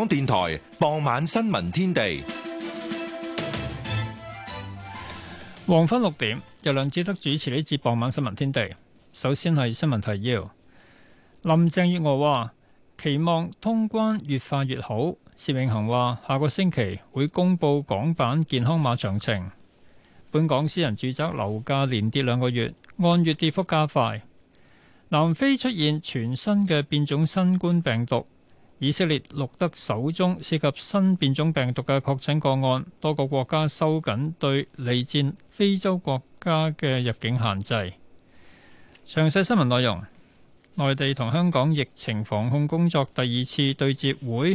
香港電台傍晚新聞天地，黃昏六點由梁志德主持呢節傍晚新聞天地。首先係新聞提要：林鄭月娥話期望通關越快越好。薛永恒話下個星期會公佈港版健康碼詳情。本港私人住宅樓價連跌兩個月，按月跌幅加快。南非出現全新嘅變種新冠病毒。以色列錄得首宗涉及新變種病毒嘅確診個案，多個國家收緊對利戰非洲國家嘅入境限制。詳細新聞內容，內地同香港疫情防控工作第二次對接會，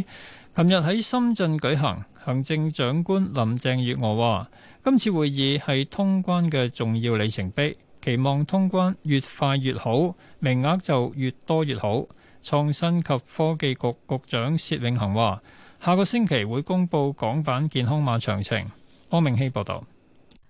琴日喺深圳舉行。行政長官林鄭月娥話，今次會議係通關嘅重要里程碑，期望通關越快越好，名額就越多越好。創新及科技局局長薛永恒話：下個星期會公布港版健康碼詳情。柯明希報導。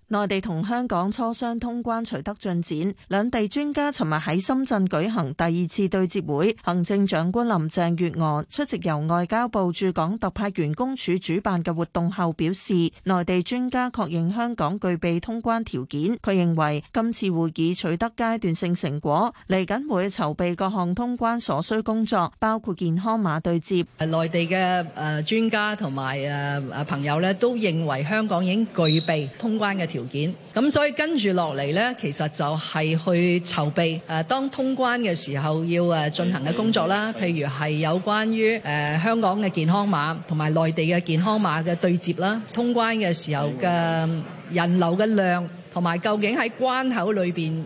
內地同香港磋商通關取得進展，兩地專家尋日喺深圳舉行第二次對接會。行政長官林鄭月娥出席由外交部駐港特派員公署主辦嘅活動後表示，內地專家確認香港具備通關條件。佢認為今次會議取得階段性成果，嚟緊會籌備各項通關所需工作，包括健康碼對接。誒，內地嘅誒專家同埋朋友咧都認為香港已經具備通關嘅條件。.條件。咁，所以跟住落嚟呢，其實就係去籌備誒、呃，當通關嘅時候要誒、啊、進行嘅工作啦。譬如係有關於誒、呃、香港嘅健康碼同埋內地嘅健康碼嘅對接啦，通關嘅時候嘅人流嘅量。同埋究竟喺關口裏邊誒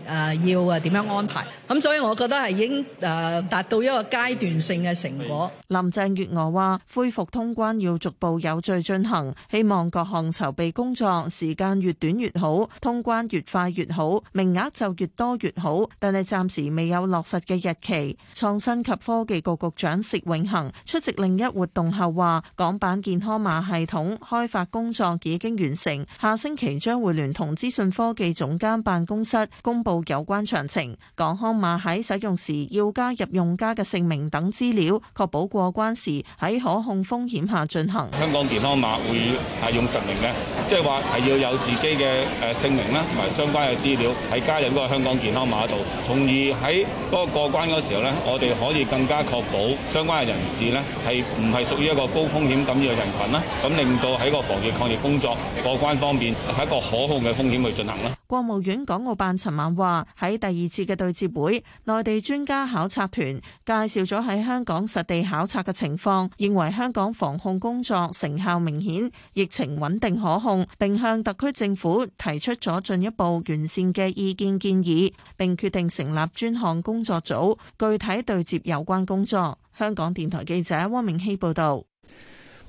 要誒點樣安排？咁所以我覺得係已經誒達到一個階段性嘅成果。林鄭月娥話恢復通關要逐步有序進行，希望各項籌備工作時間越短越好，通關越快越好，名額就越多越好。但係暫時未有落實嘅日期。創新及科技局局長薛永恒出席另一活動後話港版健康碼系統開發工作已經完成，下星期將會聯同資訊。科技總監辦公室公布有關詳情，港康碼喺使用時要加入用家嘅姓名等資料，確保過關時喺可控風險下進行。香港健康碼會係用實名嘅，即係話係要有自己嘅誒姓名啦，同埋相關嘅資料係加入個香港健康碼度，從而喺嗰個過關嗰時候咧，我哋可以更加確保相關嘅人士咧係唔係屬於一個高風險感染嘅人群啦，咁令到喺個防疫抗疫工作過關方面係一個可控嘅風險去進行。國務院港澳辦尋晚話：喺第二次嘅對接會，內地專家考察團介紹咗喺香港實地考察嘅情況，認為香港防控工作成效明顯，疫情穩定可控，並向特區政府提出咗進一步完善嘅意見建議，並決定成立專項工作組，具體對接有關工作。香港電台記者汪明熙報道。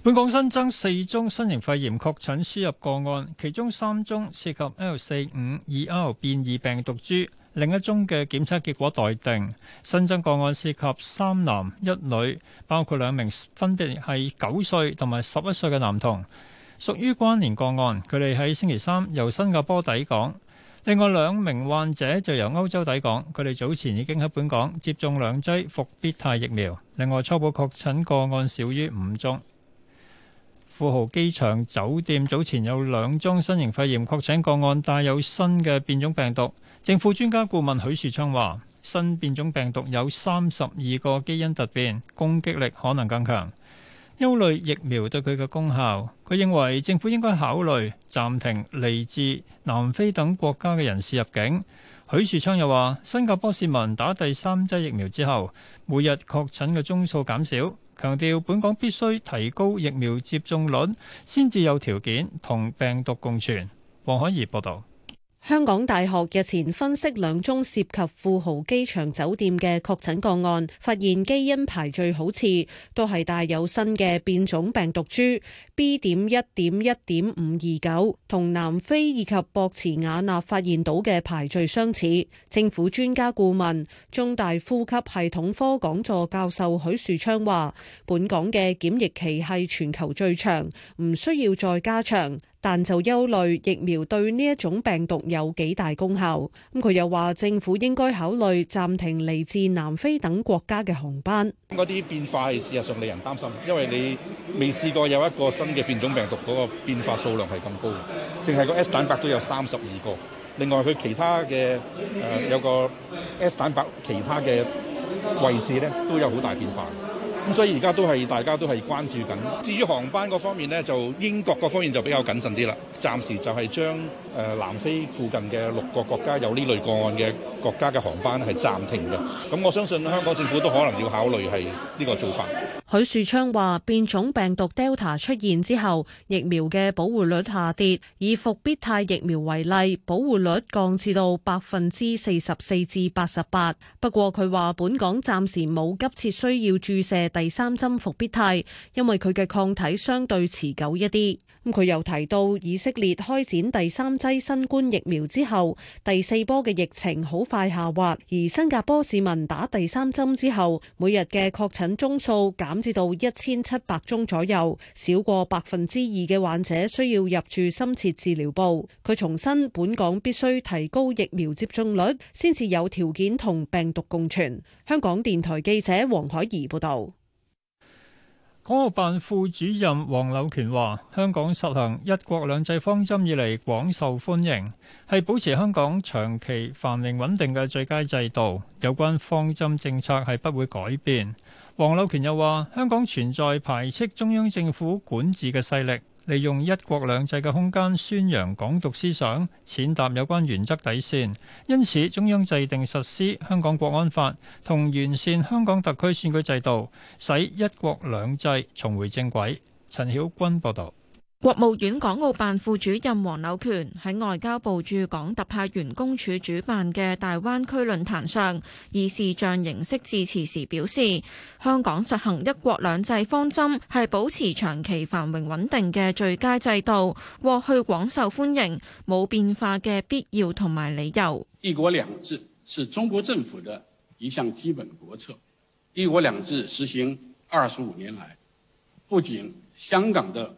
本港新增四宗新型肺炎確診輸入個案，其中三宗涉及 L 四五二 R 變異病毒株，另一宗嘅檢測結果待定。新增個案涉及三男一女，包括兩名分別係九歲同埋十一歲嘅男童，屬於關聯個案。佢哋喺星期三由新加坡抵港，另外兩名患者就由歐洲抵港。佢哋早前已經喺本港接種兩劑復必泰疫苗。另外，初步確診個案少於五宗。富豪機場酒店早前有兩宗新型肺炎確診個案，帶有新嘅變種病毒。政府專家顧問許樹昌話：新變種病毒有三十二個基因突變，攻擊力可能更強。憂慮疫苗對佢嘅功效，佢認為政府應該考慮暫停嚟自南非等國家嘅人士入境。許樹昌又話：新加坡市民打第三劑疫苗之後，每日確診嘅宗數減少。強調，本港必須提高疫苗接種率，先至有條件同病毒共存。黃海怡報導。香港大學日前分析兩宗涉及富豪機場酒店嘅確診個案，發現基因排序好似都係帶有新嘅變種病毒株 B. 點一點一點五二九，同南非以及博茨瓦納發現到嘅排序相似。政府專家顧問、中大呼吸系統科講座教授許樹昌話，本港嘅檢疫期係全球最長，唔需要再加長。但就憂慮疫苗對呢一種病毒有幾大功效。咁佢又話政府應該考慮暫停嚟自南非等國家嘅航班。嗰啲變化係事實上令人擔心，因為你未試過有一個新嘅變種病毒嗰個變化數量係咁高，淨係個 S 蛋白都有三十二個。另外佢其他嘅誒有個 S 蛋白其他嘅位置咧都有好大變化。咁所以而家都係大家都係關注緊，至於航班嗰方面咧，就英國嗰方面就比較謹慎啲啦，暫時就係將。誒南非附近嘅六個國家有呢類個案嘅國家嘅航班係暫停嘅，咁我相信香港政府都可能要考慮係呢個做法。許樹昌話：變種病毒 Delta 出現之後，疫苗嘅保護率下跌，以復必泰疫苗為例，保護率降至到百分之四十四至八十八。不過佢話，本港暫時冇急切需要注射第三針復必泰，因為佢嘅抗體相對持久一啲。咁佢又提到，以色列開展第三劑新冠疫苗之後，第四波嘅疫情好快下滑；而新加坡市民打第三針之後，每日嘅確診宗數減至到一千七百宗左右，少過百分之二嘅患者需要入住深切治療部。佢重申，本港必須提高疫苗接種率，先至有條件同病毒共存。香港電台記者黃海怡報道。港澳辦副主任黃柳權話：香港實行一國兩制方針以嚟廣受歡迎，係保持香港長期繁榮穩定嘅最佳制度。有關方針政策係不會改變。黃柳權又話：香港存在排斥中央政府管治嘅勢力。利用一國兩制嘅空間宣揚港獨思想，踐踏有關原則底線。因此，中央制定實施香港國安法，同完善香港特區選舉制度，使一國兩制重回正軌。陳曉君報導。國務院港澳辦副主任黃柳權喺外交部駐港特派員公署主辦嘅大灣區論壇上，以視像形式致辭時表示，香港實行一國兩制方針係保持長期繁榮穩定嘅最佳制度，過去廣受歡迎，冇變化嘅必要同埋理由。一國兩制是中國政府的一項基本國策。一國兩制實行二十五年來，不僅香港的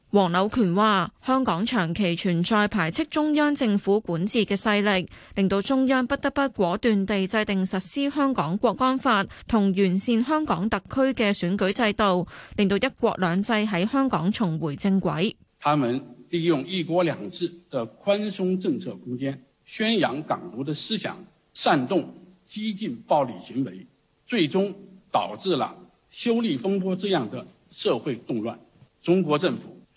黃柳權話：香港長期存在排斥中央政府管治嘅勢力，令到中央不得不果斷地制定實施香港國安法，同完善香港特區嘅選舉制度，令到一國兩制喺香港重回正軌。他們利用一國兩制的寬鬆政策空間，宣揚港獨的思想，煽動激進暴力行為，最終導致了修例風波這樣的社會動亂。中國政府。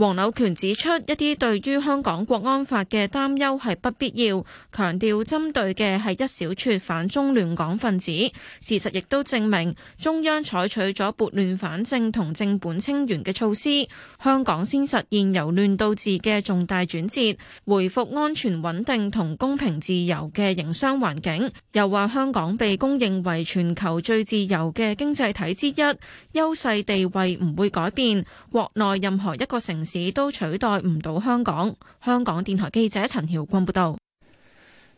黃柳權指出，一啲對於香港國安法嘅擔憂係不必要，強調針對嘅係一小撮反中亂港分子。事實亦都證明，中央採取咗撥亂反正同正本清源嘅措施，香港先實現由亂到治嘅重大轉折，回復安全穩定同公平自由嘅營商環境。又話香港被公認為全球最自由嘅經濟體之一，優勢地位唔會改變，國內任何一個城市都取代唔到香港。香港電台記者陳曉君報道，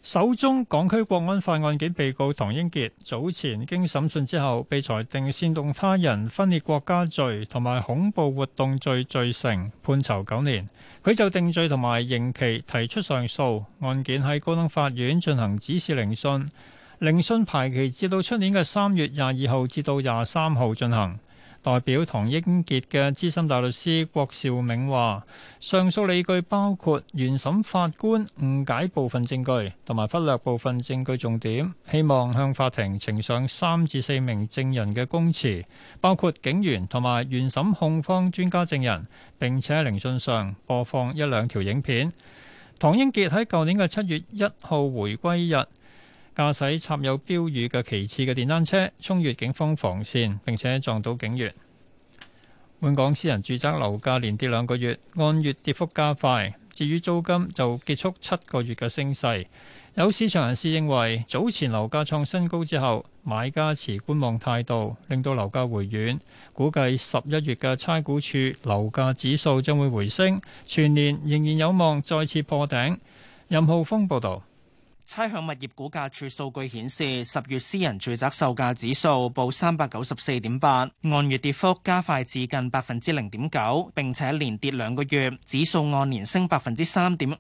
首宗港區國安法案件被告唐英傑，早前經審訊之後被裁定煽動他人分裂國家罪同埋恐怖活動罪罪成，判囚九年。佢就定罪同埋刑期提出上訴，案件喺高等法院進行指示聆訊，聆訊排期至到出年嘅三月廿二號至到廿三號進行。代表唐英傑嘅資深大律師郭兆銘話：上訴理據包括原審法官誤解部分證據，同埋忽略部分證據重點。希望向法庭呈上三至四名證人嘅供詞，包括警員同埋原審控方專家證人，並且喺聆訊上播放一兩條影片。唐英傑喺舊年嘅七月一號回歸日。駕駛插有標語嘅旗幟嘅電單車衝越警方防線，並且撞到警員。本港私人住宅樓價連跌兩個月，按月跌幅加快。至於租金就結束七個月嘅升勢。有市場人士認為，早前樓價創新高之後，買家持觀望態度，令到樓價回軟。估計十一月嘅差估處樓價指數將會回升，全年仍然有望再次破頂。任浩峰報道。差餉物業估價處數據顯示，十月私人住宅售價指數報三百九十四點八，按月跌幅加快至近百分之零點九，並且連跌兩個月，指數按年升百分之三點五，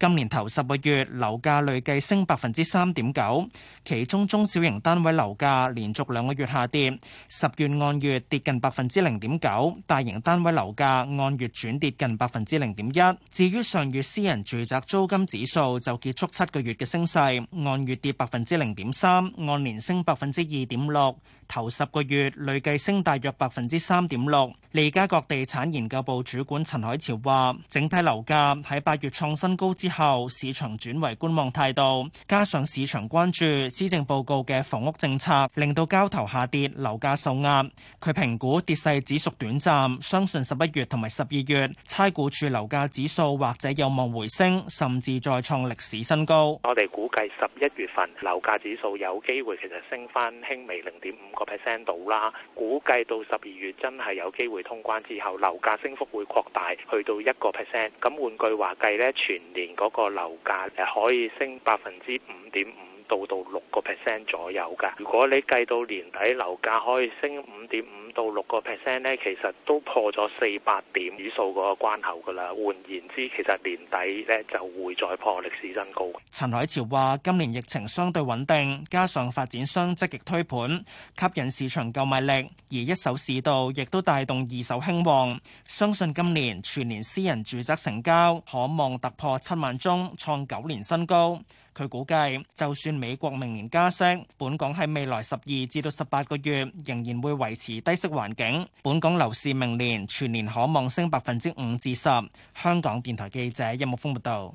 今年頭十個月樓價累計升百分之三點九，其中中小型單位樓價連續兩個月下跌，十月按月跌近百分之零點九，大型單位樓價按月轉跌近百分之零點一，至於上月私人住宅租金指數就結束七個月嘅升。走勢按月跌百分之零點三，按年升百分之二點六。頭十個月累計升大約百分之三點六。利嘉閣地產研究部主管陳海潮話，整體樓價喺八月創新高之後，市場轉為觀望態度，加上市場關注施政報告嘅房屋政策，令到交投下跌，樓價受壓。佢評估跌勢只屬短暫，相信十一月同埋十二月差估處樓價指數或者有望回升，甚至再創歷史新高。我哋估計十一月份樓價指數有機會其實升返輕微零點五個 percent 到啦，估計到十二月真係有機會通關之後，樓價升幅會擴大，去到一個 percent。咁換句話計咧，全年嗰個樓價係可以升百分之五點五。到到六個 percent 左右㗎。如果你計到年底樓價可以升五點五到六個 percent 咧，其實都破咗四百點指數嗰個關口㗎啦。換言之，其實年底咧就會再破歷史新高。陳海潮話：今年疫情相對穩定，加上發展商積極推盤，吸引市場購買力，而一手市道亦都帶動二手興旺。相信今年全年私人住宅成交可望突破七萬宗，創九年新高。佢估計，就算美國明年加息，本港喺未來十二至到十八個月，仍然會維持低息環境。本港樓市明年全年可望升百分之五至十。香港電台記者任木豐報道。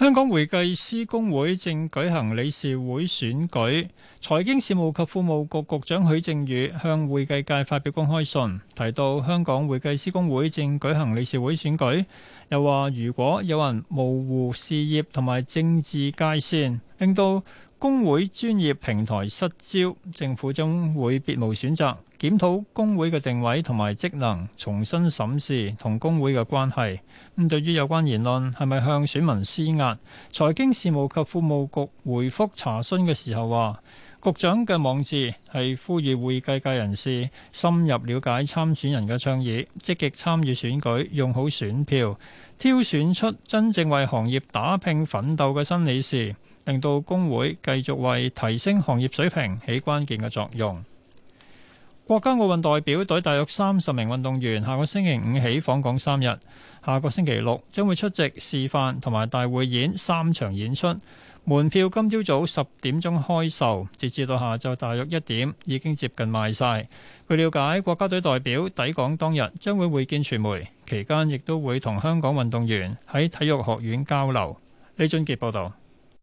香港會計師工會正舉行理事會選舉，財經事務及庫務局局，局長許正宇向會計界發表公開信，提到香港會計師工會正舉行理事會選舉，又話如果有人模糊事業同埋政治界線，令到工會專業平台失焦，政府終會別無選擇。檢討工會嘅定位同埋職能，重新審視同工會嘅關係。咁對於有關言論係咪向選民施壓？財經事務及庫務局回覆查詢嘅時候話，局長嘅網誌係呼籲會計界人士深入了解參選人嘅倡議，積極參與選舉，用好選票，挑選出真正為行業打拼奮鬥嘅新理事，令到工會繼續為提升行業水平起關鍵嘅作用。國家奧運代表隊大約三十名運動員下個星期五起訪港三日，下個星期六將會出席示範同埋大會演三場演出。門票今朝早十點鐘開售，截至到下晝大約一點已經接近賣晒。據了解，國家隊代表抵港當日將會會見傳媒，期間亦都會同香港運動員喺體育學院交流。李俊杰報道：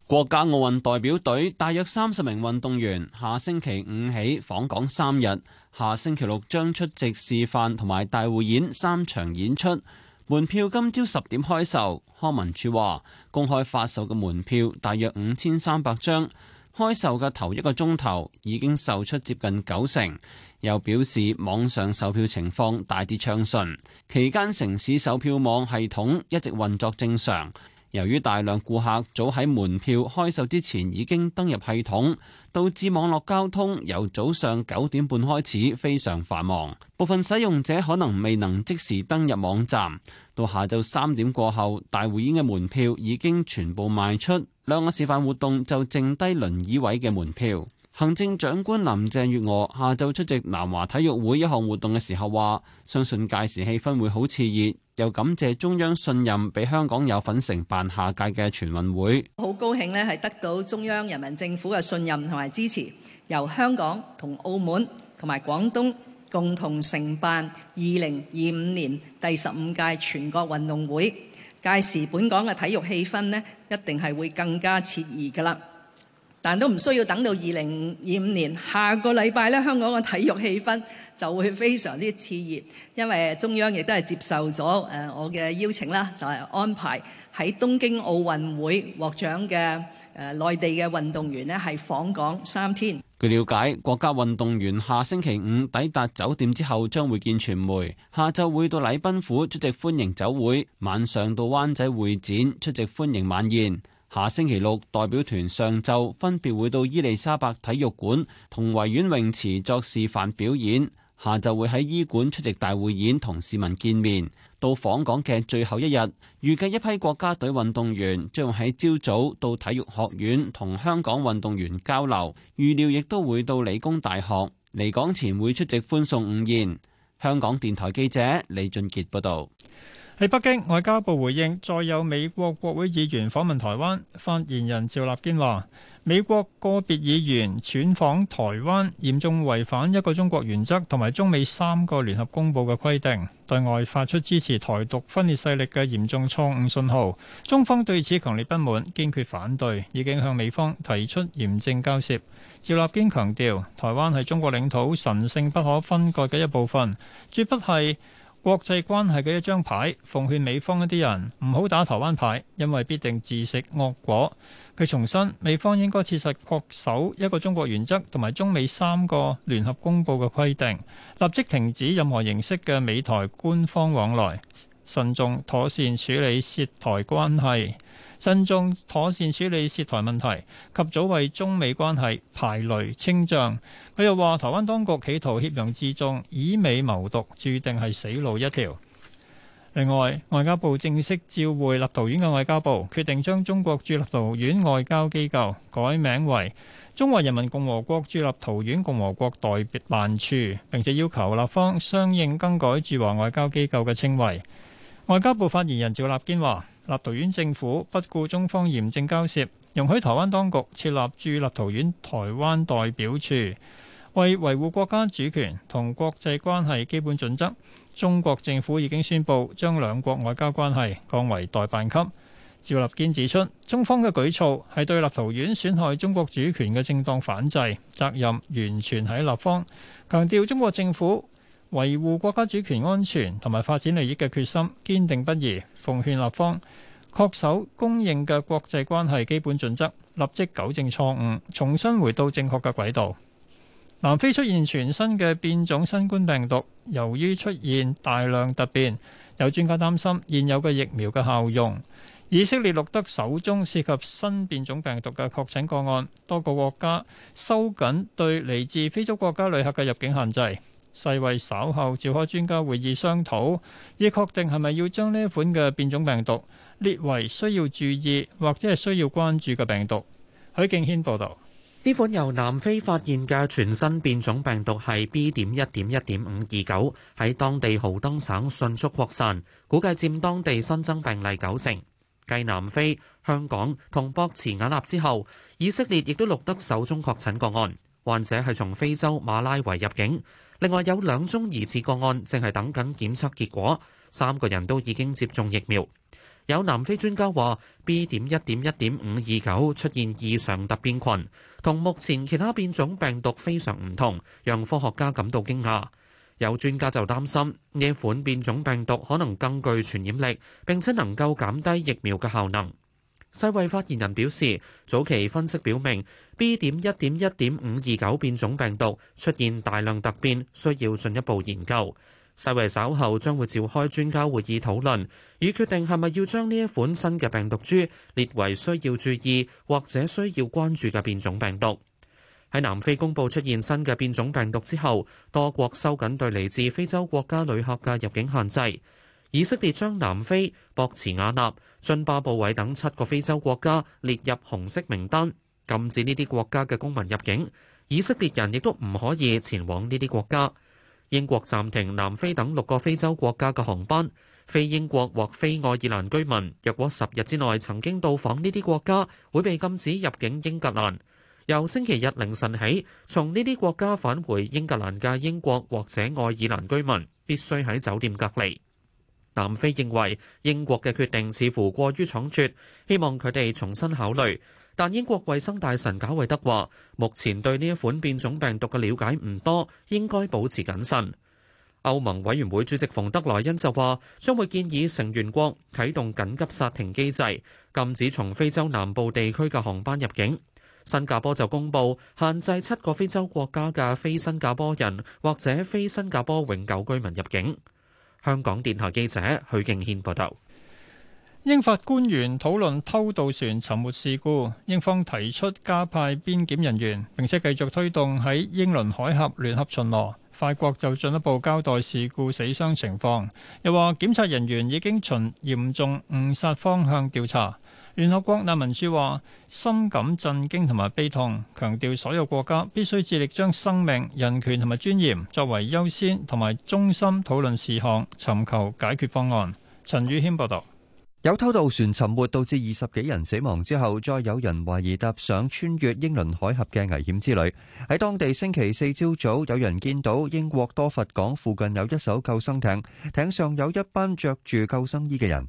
國家奧運代表隊大約三十名運動員下星期五起訪港三日。下星期六將出席示範同埋大匯演三場演出，門票今朝十點開售。康文署話，公開發售嘅門票大約五千三百張，開售嘅頭一個鐘頭已經售出接近九成，又表示網上售票情況大致暢順，期間城市售票網系統一直運作正常。由於大量顧客早喺門票開售之前已經登入系統，導致網絡交通由早上九點半開始非常繁忙。部分使用者可能未能即時登入網站。到下晝三點過後，大匯演嘅門票已經全部賣出，兩個示範活動就剩低輪椅位嘅門票。行政長官林鄭月娥下晝出席南華體育會一項活動嘅時候話，相信屆時氣氛會好熾熱，又感謝中央信任，俾香港有份承辦下屆嘅全運會。我好高興呢，係得到中央人民政府嘅信任同埋支持，由香港同澳門同埋廣東共同承辦二零二五年第十五屆全國運動會。屆時本港嘅體育氣氛呢，一定係會更加熾熱噶啦。但都唔需要等到二零二五年，下個禮拜咧，香港嘅體育氣氛就會非常之熾熱，因為中央亦都係接受咗誒我嘅邀請啦，就係安排喺東京奧運會獲獎嘅誒內地嘅運動員咧，係訪港三天。據了解，國家運動員下星期五抵達酒店之後，將會見傳媒，下晝會到禮賓府出席歡迎酒會，晚上到灣仔會展出席歡迎晚宴。下星期六，代表團上晝分別會到伊利沙伯體育館同維園泳池作示範表演，下晝會喺醫館出席大會演同市民見面。到訪港嘅最後一日，預計一批國家隊運動員將喺朝早到體育學院同香港運動員交流，預料亦都會到理工大學，離港前會出席歡送午宴。香港電台記者李俊傑報道。喺北京，外交部回應再有美國國會議員訪問台灣，發言人趙立堅話，美國個別議員轉訪台灣嚴重違反一個中國原則同埋中美三個聯合公布嘅規定，對外發出支持台獨分裂勢力嘅嚴重錯誤信號，中方對此強烈不滿堅決反對，已經向美方提出嚴正交涉。趙立堅強調，台灣係中國領土，神聖不可分割嘅一部分，絕不係。國際關係嘅一張牌，奉勸美方一啲人唔好打台灣牌，因為必定自食惡果。佢重申，美方應該切實恪守一個中國原則同埋中美三個聯合公報嘅規定，立即停止任何形式嘅美台官方往來，慎重妥善處理涉台關係。慎重妥善處理涉台問題，及早為中美關係排雷清障。佢又話：台灣當局企圖挾洋自重，以美謀獨，注定係死路一條。另外，外交部正式照會立陶宛嘅外交部，決定將中國駐立陶宛外交機構改名為中華人民共和國駐立陶宛共和國代辦處，並且要求立方相應更改駐華外交機構嘅稱謂。外交部發言人趙立堅話。立陶宛政府不顧中方嚴正交涉，容許台灣當局設立駐立陶宛台灣代表處。為維護國家主權同國際關係基本準則，中國政府已經宣布將兩國外交關係降為代辦級。趙立堅指出，中方嘅舉措係對立陶宛損害中國主權嘅正當反制，責任完全喺立方。強調中國政府，維護國家主權安全同埋發展利益嘅決心堅定不移。奉勸立方確守公認嘅國際關係基本準則，立即糾正錯誤，重新回到正確嘅軌道。南非出現全新嘅變種新冠病毒，由於出現大量突變，有專家擔心現有嘅疫苗嘅效用。以色列錄得首宗涉及新變種病毒嘅確診個案，多個國家收緊對嚟自非洲國家旅客嘅入境限制。世衛稍後召開專家會議商討，以確定，係咪要將呢款嘅變種病毒列為需要注意或者係需要關注嘅病毒。許敬軒報道。呢款由南非發現嘅全新變種病毒係 B. 點一點一點五二九，喺當地豪登省迅速擴散，估計佔當地新增病例九成。繼南非、香港同博茨瓦納之後，以色列亦都錄得首宗確診個案，患者係從非洲馬拉維入境。另外有兩宗疑似個案正係等緊檢測結果，三個人都已經接種疫苗。有南非專家話：B. 點一點一點五二九出現異常突變群，同目前其他變種病毒非常唔同，讓科學家感到驚訝。有專家就擔心，呢款變種病毒可能更具傳染力，並且能夠減低疫苗嘅效能。世衛發言人表示，早期分析表明 B 點一點一點五二九變種病毒出現大量突變，需要進一步研究。世衛稍後將會召開專家會議討論，以決定係咪要將呢一款新嘅病毒株列為需要注意或者需要關注嘅變種病毒。喺南非公布出現新嘅變種病毒之後，多國收緊對嚟自非洲國家旅客嘅入境限制。以色列將南非、博茨瓦納津巴布韋等七個非洲國家列入紅色名單，禁止呢啲國家嘅公民入境。以色列人亦都唔可以前往呢啲國家。英國暫停南非等六個非洲國家嘅航班。非英國或非愛爾蘭居民，若果十日之內曾經到訪呢啲國家，會被禁止入境英格蘭。由星期日凌晨起，從呢啲國家返回英格蘭嘅英國或者愛爾蘭居民，必須喺酒店隔離。南非認為英國嘅決定似乎過於倉卒，希望佢哋重新考慮。但英國衛生大臣賈維德話：目前對呢一款變種病毒嘅了解唔多，應該保持謹慎。歐盟委員會主席馮德萊恩就話：將會建議成員國啟動緊急煞停機制，禁止從非洲南部地區嘅航班入境。新加坡就公佈限制七個非洲國家嘅非新加坡人或者非新加坡永久居民入境。香港電台記者許敬軒報道：英法官員討論偷渡船沉沒事故，英方提出加派邊檢人員，並且繼續推動喺英倫海峽聯合巡邏。法國就進一步交代事故死傷情況，又話檢察人員已經循嚴重誤殺方向調查。聯合國難民署話，深感震驚同埋悲痛，強調所有國家必須致力將生命、人權同埋尊嚴作為優先同埋中心討論事項，尋求解決方案。陳宇軒報道，有偷渡船沉沒導致二十幾人死亡之後，再有人懷疑踏上穿越英倫海峽嘅危險之旅。喺當地星期四朝早，有人見到英國多佛港附近有一艘救生艇，艇上有一班着住救生衣嘅人。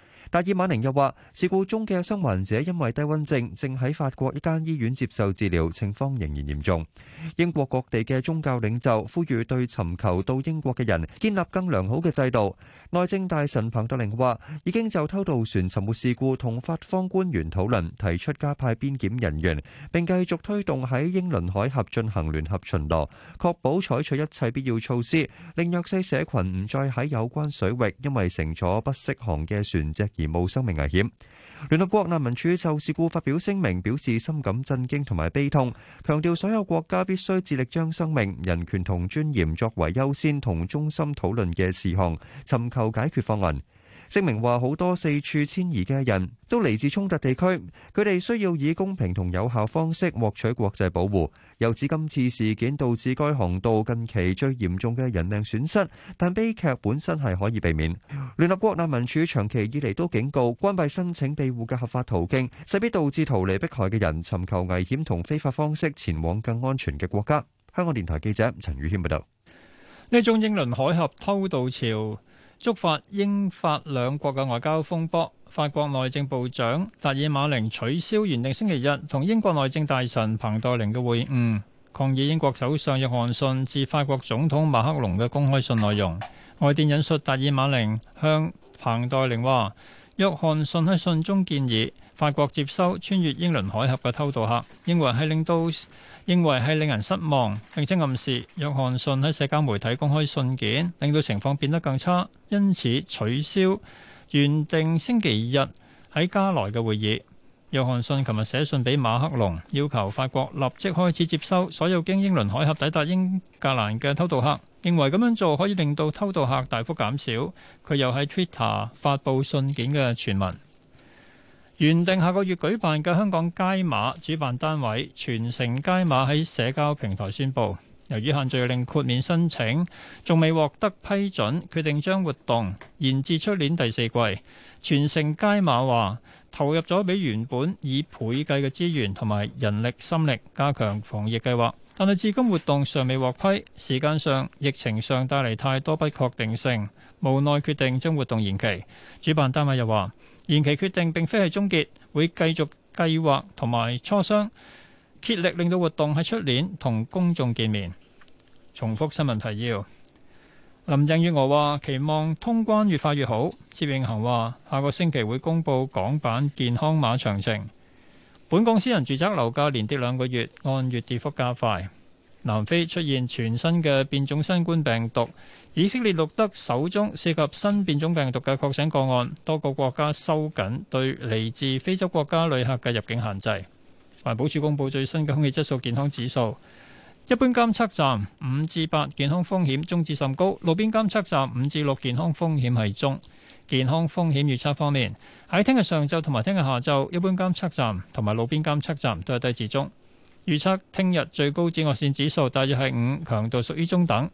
達爾馬寧又話,事故中嘅生還者因為低温症,正喺法國一間醫院接受治療,情況仍然嚴重。英國各地嘅宗教領袖呼籲對尋求到英國嘅人建立更良好嘅制度。內政大臣彭德玲話：已經就偷渡船沉沒事故同法方官員討論，提出加派邊檢人員，並繼續推動喺英倫海峽進行聯合巡邏，確保採取一切必要措施，令弱勢社群唔再喺有關水域因為乘坐不適航嘅船隻而冒生命危險。聯合國難民署，就事故發表聲明，表示深感震驚同埋悲痛，強調所有國家必須致力將生命、人權同尊嚴作為優先同中心討論嘅事項，尋求解決方案。聲明話，好多四處遷移嘅人都來自衝突地區，佢哋需要以公平同有效方式獲取國際保護。又指今次事件導致該航道近期最嚴重嘅人命損失，但悲劇本身係可以避免。聯合國難民署長期以嚟都警告，關閉申請庇護嘅合法途徑，勢必導致逃離迫害嘅人尋求危險同非法方式前往更安全嘅國家。香港電台記者陳宇軒報導。呢宗英倫海峽偷渡潮，觸發英法兩國嘅外交風波，法國內政部長達爾馬寧取消原定星期日同英國內政大臣彭黛玲嘅會晤，抗議英國首相約翰遜致法國總統馬克龍嘅公開信內容。外電引述達爾馬寧向彭黛玲話：約翰遜喺信中建議。法國接收穿越英倫海峽嘅偷渡客，認為係令到認為係令人失望，並且暗示約翰遜喺社交媒體公開信件，令到情況變得更差，因此取消原定星期二日喺加萊嘅會議。約翰遜琴日寫信俾馬克龍，要求法國立即開始接收所有經英倫海峽抵達英格蘭嘅偷渡客，認為咁樣做可以令到偷渡客大幅減少。佢又喺 Twitter 發布信件嘅全文。原定下個月舉辦嘅香港街馬，主辦單位全城街馬喺社交平台宣布，由於限聚令豁免申請仲未獲得批准，決定將活動延至出年第四季。全城街馬話投入咗比原本以倍計嘅資源同埋人力心力，加強防疫計劃，但係至今活動尚未獲批，時間上、疫情上帶嚟太多不確定性。無奈決定將活動延期，主辦單位又話延期決定並非係終結，會繼續計劃同埋磋商，竭力令到活動喺出年同公眾見面。重複新聞提要：林鄭月娥話期望通關越快越好。薛永恆話下個星期會公布港版健康碼詳情。本港私人住宅樓價連跌兩個月，按月跌幅加快。南非出現全新嘅變種新冠病毒。以色列錄得首宗涉及新變種病毒嘅確診個案，多個國家收緊對嚟自非洲國家旅客嘅入境限制。環保署公布最新嘅空氣質素健康指數，一般監測站五至八健康風險中至甚高，路邊監測站五至六健康風險係中。健康風險預測方面，喺聽日上晝同埋聽日下晝，一般監測站同埋路邊監測站都係低至中。預測聽日最高紫外線指數大約係五，強度屬於中等。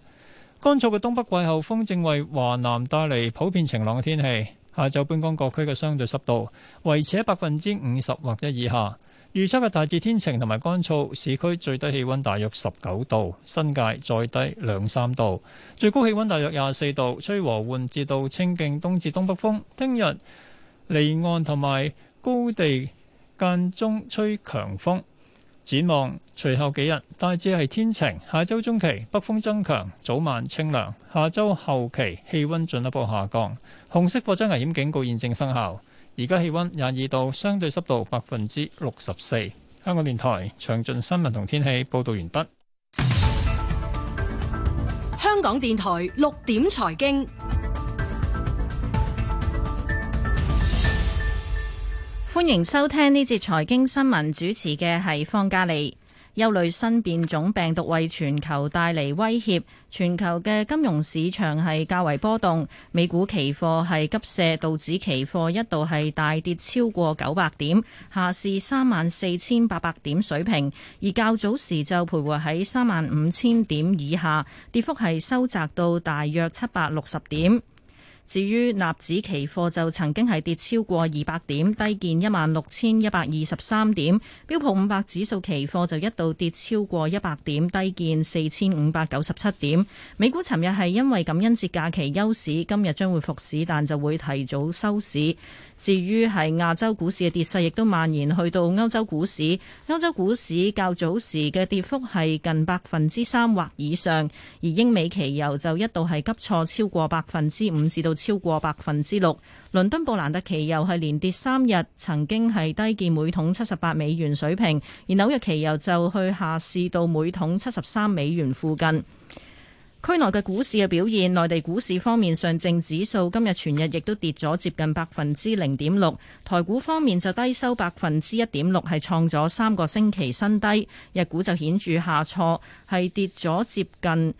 乾燥嘅東北季候風正為華南帶嚟普遍晴朗嘅天氣，下晝本港各區嘅相對濕度維持喺百分之五十或一以下。預測嘅大致天晴同埋乾燥，市區最低氣温大約十九度，新界再低兩三度，最高氣温大約廿四度，吹和緩至到清勁東至東北風。聽日離岸同埋高地間中吹強風。展望，隨後幾日大致係天晴。下周中期北風增強，早晚清涼。下周後期氣温進一步下降。紅色火災危險警告現正生效。而家氣温廿二度，相對濕度百分之六十四。香港電台詳盡新聞同天氣報導完畢。香港電台六點財經。歡迎收聽呢節財經新聞，主持嘅係方嘉利。憂慮新變種病毒為全球帶嚟威脅，全球嘅金融市場係較為波動，美股期貨係急瀉，道指期貨一度係大跌超過九百點，下市三萬四千八百點水平，而較早時就徘徊喺三萬五千點以下，跌幅係收窄到大約七百六十點。至於納指期貨就曾經係跌超過二百點，低見一萬六千一百二十三點；標普五百指數期貨就一度跌超過一百點，低見四千五百九十七點。美股尋日係因為感恩節假期休市，今日將會復市，但就會提早收市。至於係亞洲股市嘅跌勢，亦都蔓延去到歐洲股市。歐洲股市較早時嘅跌幅係近百分之三或以上，而英美期油就一度係急挫超過百分之五至到超過百分之六。倫敦布蘭特期油係連跌三日，曾經係低見每桶七十八美元水平，而紐約期油就去下市到每桶七十三美元附近。區內嘅股市嘅表現。內地股市方面，上證指數今日全日亦都跌咗接近百分之零點六，台股方面就低收百分之一點六，係創咗三個星期新低，日股就顯著下挫，係跌咗接近，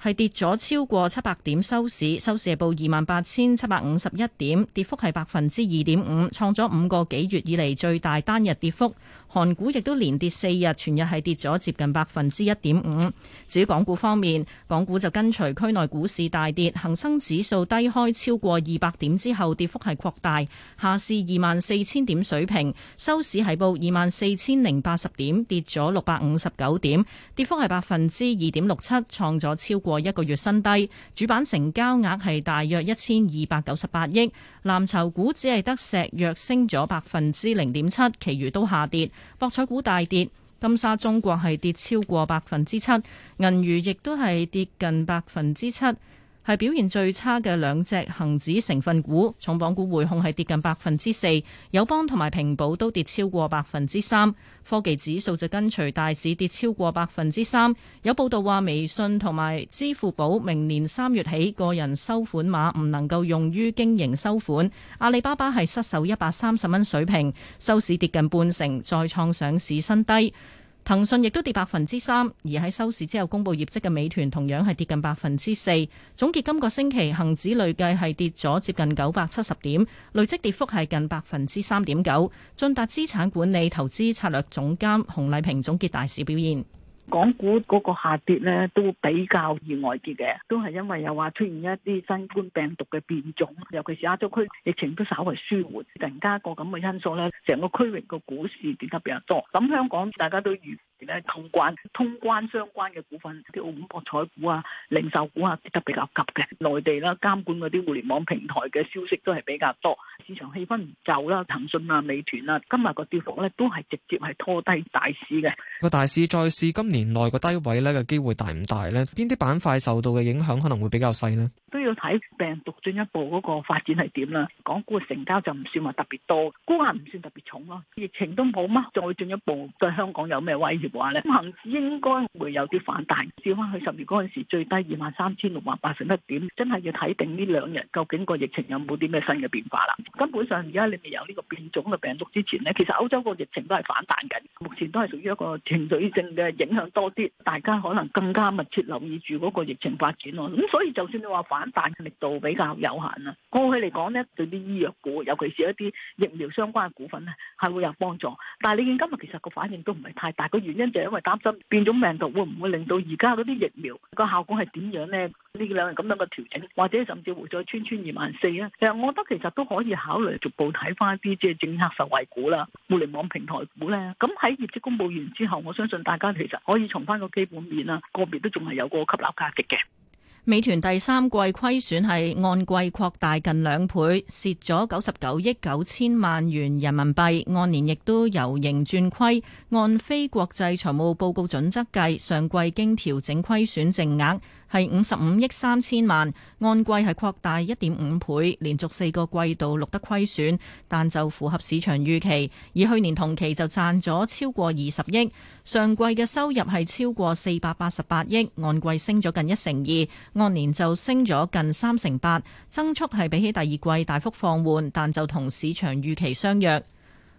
係跌咗超過七百點收市，收市係報二萬八千七百五十一點，跌幅係百分之二點五，創咗五個幾月以嚟最大單日跌幅。韓股亦都連跌四日，全日係跌咗接近百分之一點五。至於港股方面，港股就跟隨區內股市大跌，恒生指數低開超過二百點之後，跌幅係擴大，下市二萬四千點水平，收市係報二萬四千零八十點，跌咗六百五十九點，跌幅係百分之二點六七，創咗超過一個月新低。主板成交額係大約一千二百九十八億，藍籌股只係得石藥升咗百分之零點七，其餘都下跌。博彩股大跌，金沙中國係跌超過百分之七，銀娛亦都係跌近百分之七。係表現最差嘅兩隻恒指成分股，重磅股匯控係跌近百分之四，友邦同埋平保都跌超過百分之三，科技指數就跟隨大市跌超過百分之三。有報道話，微信同埋支付寶明年三月起個人收款碼唔能夠用於經營收款。阿里巴巴係失守一百三十蚊水平，收市跌近半成，再創上市新低。騰訊亦都跌百分之三，而喺收市之後公布業績嘅美團同樣係跌近百分之四。總結今個星期，恒指累計係跌咗接近九百七十點，累積跌幅係近百分之三點九。進達資產管理投資策略總監洪麗萍總結大市表現。港股嗰個下跌咧，都比較意外啲嘅，都係因為又話出現一啲新冠病毒嘅變種，尤其是亞洲區疫情都稍為舒緩，更加過咁嘅因素咧，成個區域個股市跌得比較多。咁香港大家都預。咧通關通關相關嘅股份，啲澳門博彩股啊、零售股啊跌得比較急嘅。內地啦，監管嗰啲互聯網平台嘅消息都係比較多，市場氣氛唔夠啦。騰訊啊、美團啊，今日個跌幅咧都係直接係拖低大市嘅。個大市再試今年內個低位咧嘅機會大唔大咧？邊啲板塊受到嘅影響可能會比較細咧？都要睇病毒進一步嗰個發展係點啦。港股嘅成交就唔算話特別多，沽壓唔算特別重咯。疫情都冇嗎？再進一步對香港有咩威脅？話咧，恒指應該會有啲反彈，照翻去十月嗰陣時最低二萬三千六百八十一點，真係要睇定呢兩日究竟個疫情有冇啲咩新嘅變化啦。根本上而家你未有呢個變種嘅病毒之前呢，其實歐洲個疫情都係反彈緊，目前都係屬於一個情緒性嘅影響多啲，大家可能更加密切留意住嗰個疫情發展咯。咁所以就算你話反彈嘅力度比較有限啦，過去嚟講呢，對啲醫藥股，尤其是一啲疫苗相關嘅股份呢，係會有幫助，但係你見今日其實個反應都唔係太大，佢原因就因為擔心變種病毒會唔會令到而家嗰啲疫苗個效果係點樣咧？呢兩日咁樣嘅調整，或者甚至乎再穿穿二萬四啊。其實我覺得其實都可以考慮逐步睇翻一啲即係政策受惠股啦，互聯網平台股咧。咁喺業績公布完之後，我相信大家其實可以從翻個基本面啦，個別都仲係有個吸納價值嘅。美團第三季虧損係按季擴大近兩倍，蝕咗九十九億九千萬元人民幣，按年亦都由盈轉虧。按非國際財務報告準則計，上季經調整虧損淨額。係五十五億三千萬，按季係擴大一點五倍，連續四個季度錄得虧損，但就符合市場預期。而去年同期就賺咗超過二十億，上季嘅收入係超過四百八十八億，按季升咗近一成二，按年就升咗近三成八，增速係比起第二季大幅放緩，但就同市場預期相若。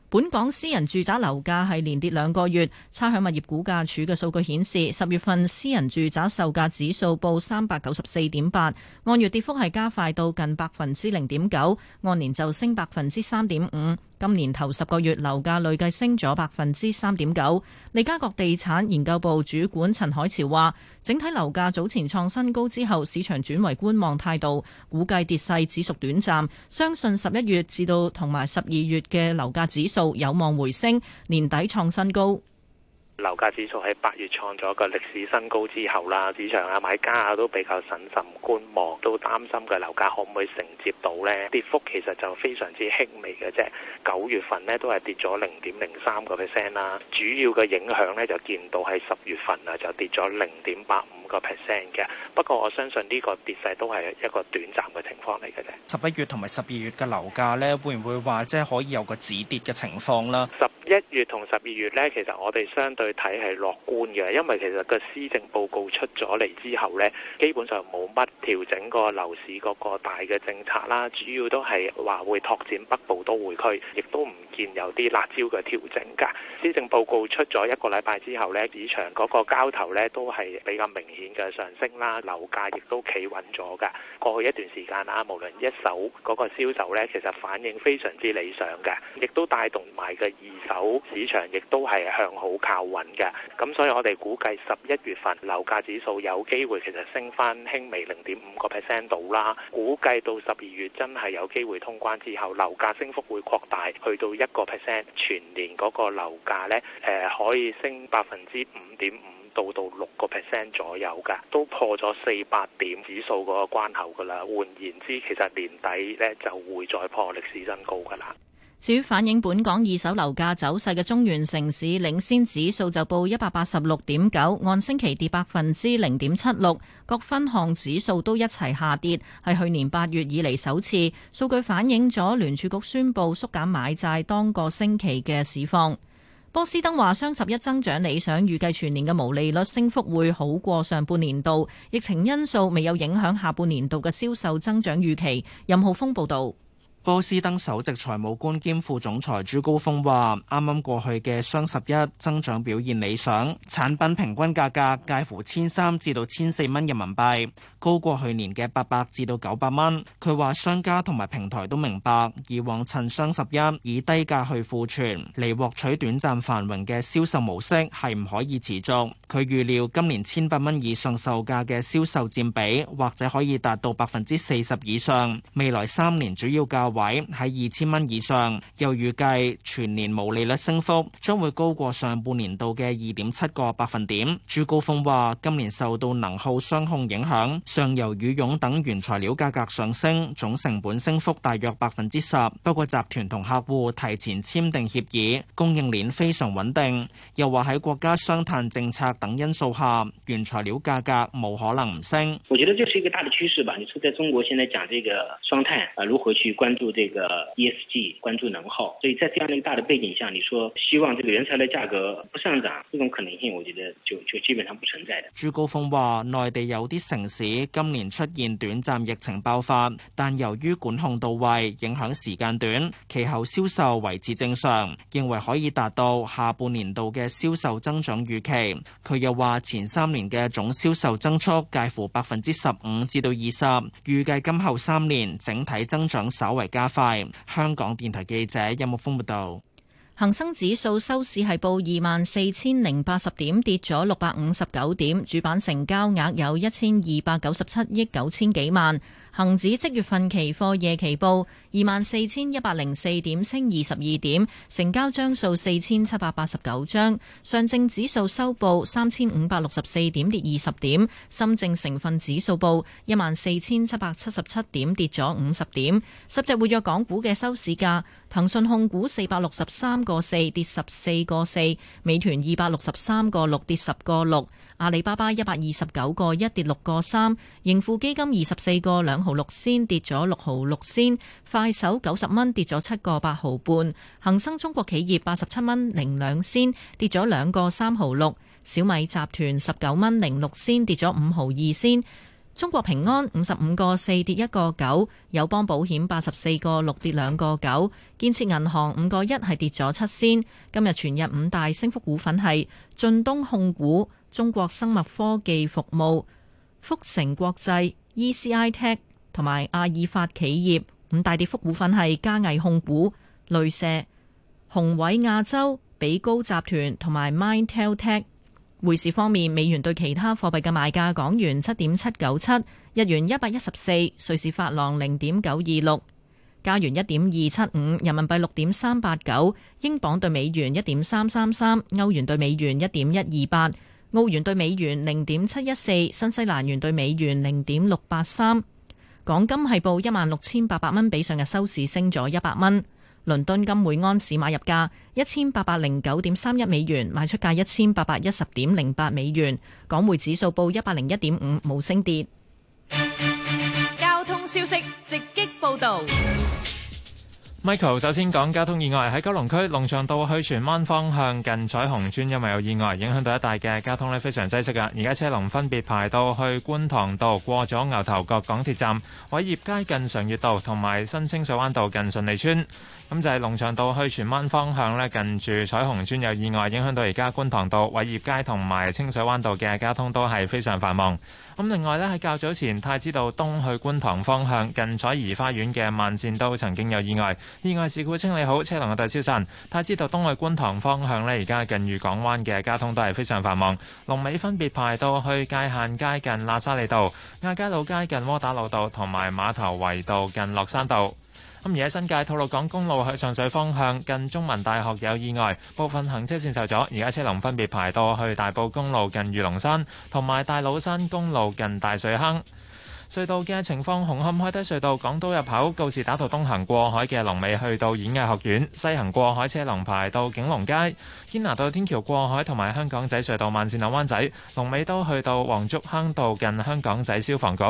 本港私人住宅樓價係連跌兩個月，差餉物業估價署嘅數據顯示，十月份私人住宅售價指數報三百九十四點八，按月跌幅係加快到近百分之零點九，按年就升百分之三點五。今年頭十個月樓價累計升咗百分之三點九，利嘉閣地產研究部主管陳海潮話，整體樓價早前創新高之後，市場轉為觀望態度，估計跌勢只屬短暫，相信十一月至到同埋十二月嘅樓價指數有望回升，年底創新高。樓價指數喺八月創咗個歷史新高之後啦，市場啊、買家啊都比較審慎觀望，都擔心嘅樓價可唔可以承接到呢。跌幅其實就非常之輕微嘅啫，九月份呢都係跌咗零點零三個 percent 啦。主要嘅影響呢就見到係十月份啊就跌咗零點八五。個不過我相信呢個跌勢都係一個短暫嘅情況嚟嘅啫。十一月同埋十二月嘅樓價呢，會唔會話即係可以有個止跌嘅情況啦？十一月同十二月呢，其實我哋相對睇係樂觀嘅，因為其實個施政報告出咗嚟之後呢，基本上冇乜調整個樓市嗰個大嘅政策啦，主要都係話會拓展北部都會區，亦都唔見有啲辣招嘅調整噶。施政報告出咗一個禮拜之後呢，市場嗰個交投呢都係比較明顯。嘅上升啦，樓價亦都企穩咗㗎。過去一段時間啊，無論一手嗰個銷售呢，其實反應非常之理想嘅，亦都帶動埋嘅二手市場，亦都係向好靠穩嘅。咁所以我哋估計十一月份樓價指數有機會其實升翻輕微零點五個 percent 度啦。估計到十二月真係有機會通關之後，樓價升幅會擴大，去到一個 percent。全年嗰個樓價呢，誒可以升百分之五點五。到到六個 percent 左右㗎，都破咗四百點指數個關口㗎啦。換言之，其實年底咧就會再破歷史新高㗎啦。至於反映本港二手樓價走勢嘅中原城市領先指數就報一百八十六點九，按星期跌百分之零點七六，各分項指數都一齊下跌，係去年八月以嚟首次，數據反映咗聯儲局宣布縮減買債當個星期嘅市況。波斯登話：雙十一增長理想，預計全年嘅毛利率升幅會好過上半年度，疫情因素未有影響下半年度嘅銷售增長預期。任浩峰報道。波司登首席財務官兼副總裁朱高峰話：啱啱過去嘅雙十一增長表現理想，產品平均價格介乎千三至到千四蚊人民幣，高過去年嘅八百至到九百蚊。佢話商家同埋平台都明白以往趁雙十一以低價去庫存嚟，獲取短暫繁榮嘅銷售模式係唔可以持續。佢預料今年千八百蚊以上售價嘅銷售佔比或者可以達到百分之四十以上。未來三年主要價位喺二千蚊以上，又預計全年毛利率升幅將會高過上半年度嘅二點七個百分點。朱高峰話：今年受到能耗雙控影響，上游羽絨等原材料價格上升，總成本升幅大約百分之十。不過集團同客戶提前簽訂協議，供應鏈非常穩定。又話喺國家雙碳政策等因素下，原材料價格冇可能唔升。我覺得這是一個大的趨勢吧。你說在中國現在講這個雙碳，啊，如何去關注？這個 ESG 關注能耗，所以在這樣大的背景下，你說希望這個原材料價格不上漲，這種可能性我覺得就就基本上不存在的。朱高峰話，內地有啲城市今年出現短暫疫情爆發，但由於管控到位，影響時間短，其後銷售維持正常，認為可以達到下半年度嘅銷售增長預期。佢又話，前三年嘅總銷售增速介乎百分之十五至到二十，預計今後三年整體增長稍為。加快。香港電台記者任木鋒報道，恒生指數收市係報二萬四千零八十點，跌咗六百五十九點。主板成交額有一千二百九十七億九千幾萬。恒指即月份期貨夜期報二萬四千一百零四點，升二十二點，成交張數四千七百八十九張。上證指數收報三千五百六十四點，跌二十點。深證成分指數報一萬四千七百七十七點，跌咗五十點。十隻活躍港股嘅收市價，騰訊控股四百六十三個四，跌十四個四；美團二百六十三個六，跌十個六。阿里巴巴一百二十九個一跌六個三，盈富基金二十四個兩毫六仙跌咗六毫六仙，快手九十蚊跌咗七個八毫半，恒生中國企業八十七蚊零兩仙跌咗兩個三毫六，小米集團十九蚊零六仙跌咗五毫二仙，中國平安五十五個四跌一個九，友邦保險八十四個六跌兩個九，建設銀行五個一係跌咗七仙。今日全日五大升幅股份係晉東控股。中國生物科技服務、福成國際、E.C.I.Tech 同埋阿爾法企業五大跌幅股份係嘉毅控股、鐳射、宏偉亞洲、比高集團同埋 MindTel Tech。匯市方面，美元對其他貨幣嘅賣價：港元七點七九七，日元一百一十四，瑞士法郎零點九二六，加元一點二七五，人民幣六點三八九，英鎊兌美元一點三三三，歐元兌美元一點一二八。澳元兌美元零點七一四，新西蘭元兌美元零點六八三，港金係報一萬六千八百蚊，比上日收市升咗一百蚊。倫敦金每安士買入價一千八百零九點三一美元，賣出價一千八百一十點零八美元。港匯指數報一百零一點五，冇升跌。交通消息直擊報道。Yes. Michael 首先講交通意外，喺九龍區龍翔道去荃灣方向近彩虹村，因為有意外，影響到一帶嘅交通咧，非常擠塞噶而家車龍分別排到去觀塘道過咗牛頭角港鐵站、偉業街近常悅道，同埋新清水灣道近順利村。咁就係龍翔道去荃灣方向咧，近住彩虹邨有意外，影響到而家觀塘道、偉業街同埋清水灣道嘅交通都係非常繁忙。咁另外咧喺較早前，太子道東去觀塘方向，近彩怡花園嘅慢線都曾經有意外，意外事故清理好，車流又再消散。太子道東去觀塘方向咧，而家近裕港灣嘅交通都係非常繁忙。龍尾分別排到去界限街近喇沙利道、亞皆老街近窩打老道同埋碼頭圍道近落山道。而家新界吐露港公路去上水方向近中文大學有意外，部分行車線受阻，而家車龍分別排到去大埔公路近御龍山同埋大老山公路近大水坑。隧道嘅情況：紅磡海底隧道港島入口告示打道東行過海嘅龍尾去到演藝學院；西行過海車龍排到景隆街。堅拿道天橋過海同埋香港仔隧道慢線落灣仔龍尾都去到黃竹坑道近香港仔消防局。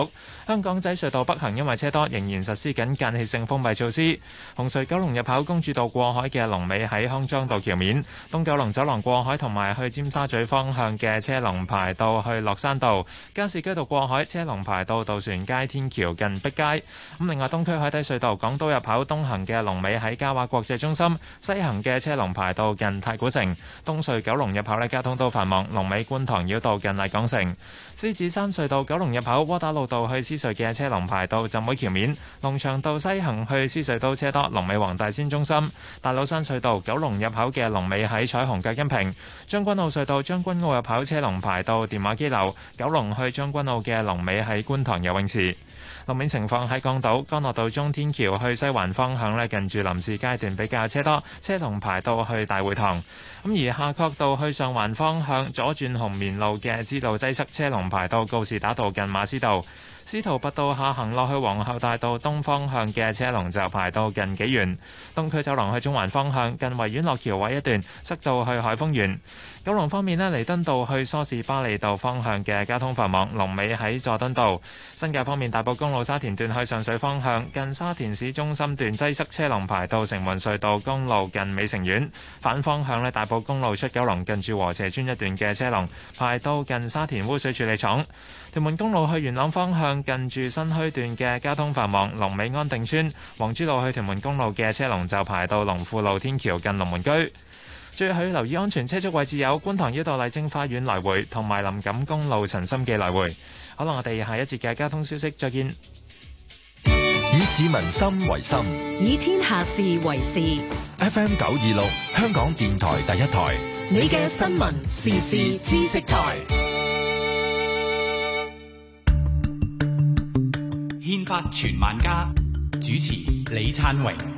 香港仔隧道北行因為車多，仍然實施緊間歇性封閉措施。紅隧九龍入口公主道過海嘅龍尾喺康莊道橋面。東九龍走廊過海同埋去尖沙咀方向嘅車龍排到去落山道。加士居道過海車龍排到到。船街天橋近碧街，咁另外東區海底隧道港島入口東行嘅龍尾喺嘉華國際中心，西行嘅車龍排到近太古城，東隧九龍入口呢，交通都繁忙，龍尾觀塘繞道近麗港城。獅子山隧道九龍入口窩打老道去獅隧嘅車龍排到浸會橋面，龍翔道西行去獅隧都車多，龍尾黃大仙中心。大老山隧道九龍入口嘅龍尾喺彩虹隔音屏。將軍澳隧道將軍澳入口車龍排到電話機樓，九龍去將軍澳嘅龍尾喺觀塘游泳池。路面情況喺港島江樂道中干諾道中天橋去西環方向咧，近住林士街段比較車多，車龍排到去大會堂。咁而夏愨道去上環方向左轉紅棉路嘅支路擠塞，車龍排到告士打道近馬師道。司徒拔道下行落去皇后大道東方向嘅車龍就排到近紀園。東區走廊去中環方向近維園落橋位一段塞到去海峰園。九龍方面呢，彌敦道去梳士巴利道方向嘅交通繁忙，龍尾喺佐敦道。新界方面，大埔公路沙田段去上水方向近沙田市中心段擠塞車龍，車龍排到城門隧道公路近美城苑。反方向呢，大埔公路出九龍近住禾輋邨一段嘅車龍排到近沙田污水處理廠。屯門公路去元朗方向近住新墟段嘅交通繁忙，龍尾安定村；黃珠路去屯門公路嘅車龍就排到龍富路天橋近龍門居。最好留意安全車速位置有觀塘繞道麗晶花園來回，同埋林錦公路陳心記來回。好啦，我哋下一節嘅交通消息再見。以市民心為心，以天下事為事。FM 九二六，香港電台第一台。你嘅新聞時事知識台。發傳萬家，主持李燦榮。